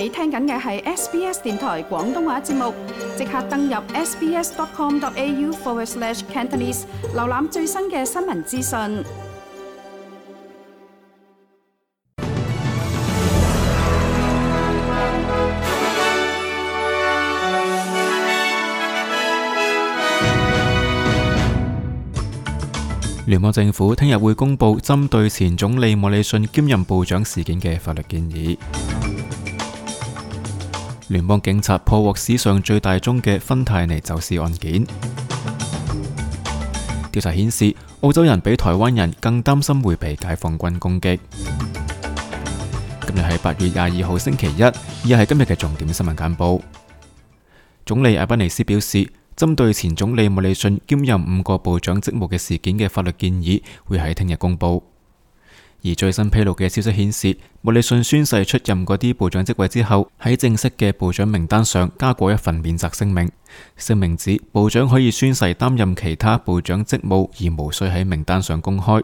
你聽緊嘅係 SBS 電台廣東話節目，即刻登入 sbs.com.au/cantonese 瀏覽最新嘅新聞資訊。聯邦政府聽日會公布針對前總理莫里遜兼任部長事件嘅法律建議。聯邦警察破獲史上最大宗嘅芬太尼走私案件。調查顯示，澳洲人比台灣人更擔心會被解放軍攻擊。今日係八月廿二號星期一，亦係今日嘅重點新聞簡報。總理阿賓尼斯表示，針對前總理莫里遜兼任五個部長職務嘅事件嘅法律建議，會喺聽日公布。而最新披露嘅消息顯示，莫里遜宣誓出任嗰啲部長職位之後，喺正式嘅部長名單上加過一份免責聲明。聲明指部長可以宣誓擔任其他部長職務，而無需喺名單上公開。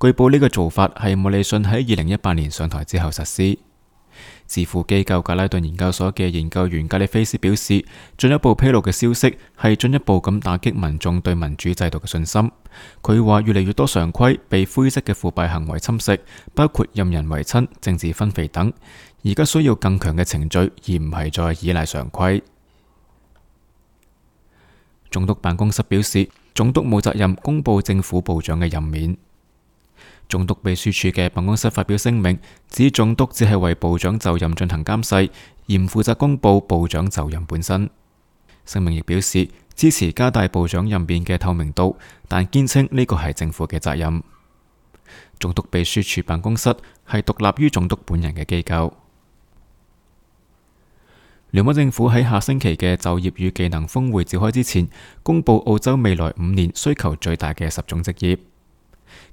據報呢個做法係莫里遜喺二零一八年上台之後實施。智庫機構格拉頓研究所嘅研究員格里菲斯表示，進一步披露嘅消息係進一步咁打擊民眾對民主制度嘅信心。佢話越嚟越多常規被灰色嘅腐敗行為侵蝕，包括任人唯親、政治分肥等。而家需要更強嘅程序，而唔係再依賴常規。總督辦公室表示，總督冇責任公布政府部長嘅任免。總督秘書處嘅辦公室發表聲明，指總督只係為部長就任進行監誓，而唔負責公布部長就任本身。聲明亦表示支持加大部長任免嘅透明度，但堅稱呢個係政府嘅責任。總督秘書處辦公室係獨立於總督本人嘅機構。聯邦政府喺下星期嘅就業與技能峰會召開之前，公布澳洲未來五年需求最大嘅十種職業。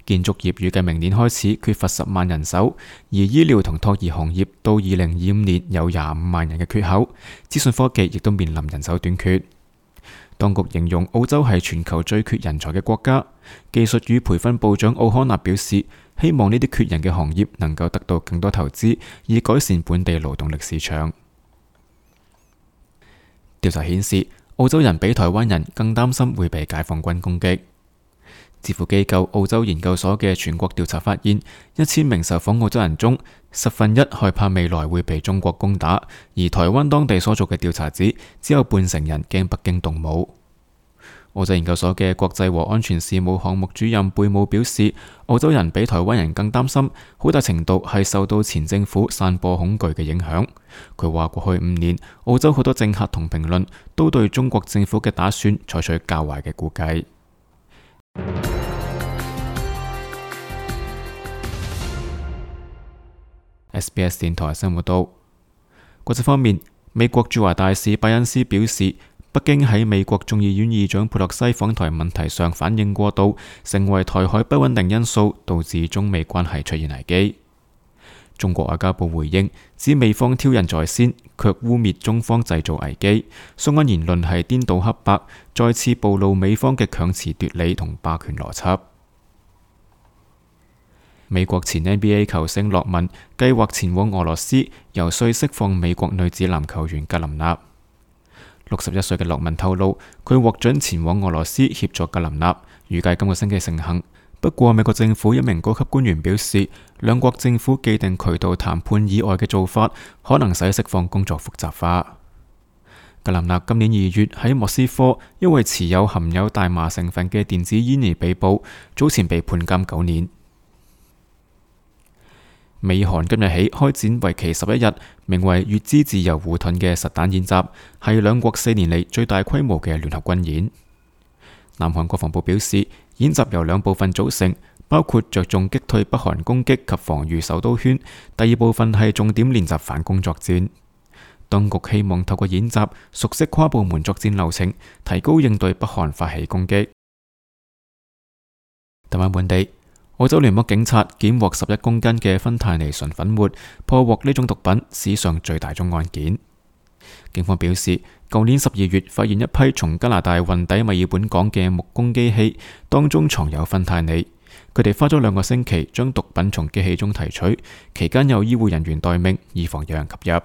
建築業預計明年開始缺乏十萬人手，而醫療同托兒行業到二零二五年有廿五萬人嘅缺口。資訊科技亦都面臨人手短缺。當局形容澳洲係全球最缺人才嘅國家。技術與培訓部長奧康納表示，希望呢啲缺人嘅行業能夠得到更多投資，以改善本地勞動力市場。調查顯示，澳洲人比台灣人更擔心會被解放軍攻擊。智庫機構澳洲研究所嘅全國調查發現，一千名受訪澳洲人中，十分一害怕未來會被中國攻打，而台灣當地所做嘅調查指，只有半成人驚北京動武。澳洲研究所嘅國際和安全事務項目主任貝姆表示，澳洲人比台灣人更擔心，好大程度係受到前政府散播恐懼嘅影響。佢話：過去五年，澳洲好多政客同評論都對中國政府嘅打算採取較壞嘅估計。SBS 電台生活道。國際方面，美國駐華大使拜恩斯表示，北京喺美國眾議院議長佩洛西訪台問題上反應過度，成為台海不穩定因素，導致中美關係出現危機。中國外交部回應指，美方挑釁在先，卻污衊中方製造危機，相關言論係顛倒黑白，再次暴露美方嘅強詞奪理同霸權邏輯。美國前 NBA 球星洛文計劃前往俄羅斯遊說釋放美國女子籃球員格林納。六十一歲嘅洛文透露，佢獲准前往俄羅斯協助格林納，預計今個星期成行。不過，美國政府一名高級官員表示，兩國政府既定渠道談判以外嘅做法，可能使釋放工作複雜化。格林納今年二月喺莫斯科因為持有含有大麻成分嘅電子煙而被捕，早前被判監九年。美韓今日起開展為期十一日，名為“乙支自由護盾”嘅實彈演習，係兩國四年嚟最大規模嘅聯合軍演。南韓國防部表示，演習由兩部分組成，包括着重擊退北韓攻擊及防禦首都圈；第二部分係重點練習反攻作戰。當局希望透過演習熟悉跨部門作戰流程，提高應對北韓發起攻擊。特約本地。澳洲聯邦警察檢獲十一公斤嘅芬太尼純粉末，破獲呢種毒品史上最大宗案件。警方表示，舊年十二月發現一批從加拿大運抵墨爾本港嘅木工機器當中藏有芬太尼，佢哋花咗兩個星期將毒品從機器中提取，期間有醫護人員待命，以防有人吸入。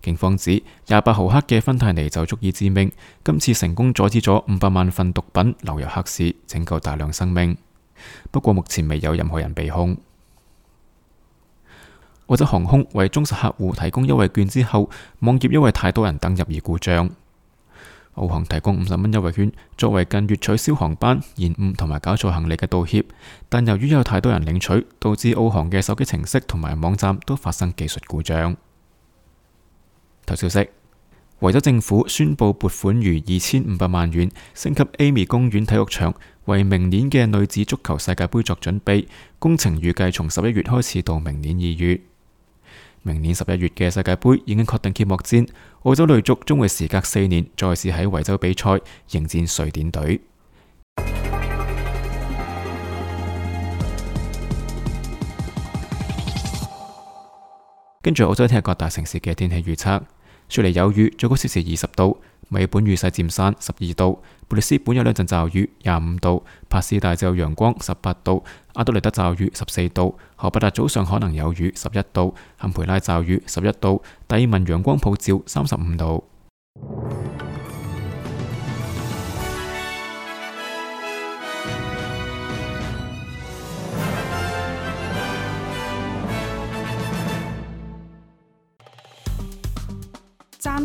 警方指，廿八毫克嘅芬太尼就足以致命，今次成功阻止咗五百萬份毒品流入黑市，拯救大量生命。不過目前未有任何人被控。澳洲航空為忠實客戶提供優惠券之後，網頁因為太多人登入而故障。澳航提供五十蚊優惠券作為近月取消航班延誤同埋搞錯行李嘅道歉，但由於有太多人領取，導致澳航嘅手機程式、同埋網站都發生技術故障。頭消息，維州政府宣布撥款逾二千五百萬元升級 Amy 公園體育場。為明年嘅女子足球世界杯作準備，工程預計從十一月開始到明年二月。明年十一月嘅世界杯已經確定揭幕戰，澳洲女足將會時隔四年再次喺維州比賽，迎戰瑞典隊。跟住澳洲聽日各大城市嘅天氣預測。雪梨有雨，最高攝氏二十度；美本雨勢漸散，十二度；布里斯本有兩陣驟雨，廿五度；珀斯大就有陽光，十八度；阿德利德驟雨，十四度；荷伯特早上可能有雨，十一度；堪培拉驟雨，十一度；達爾文陽光普照，三十五度。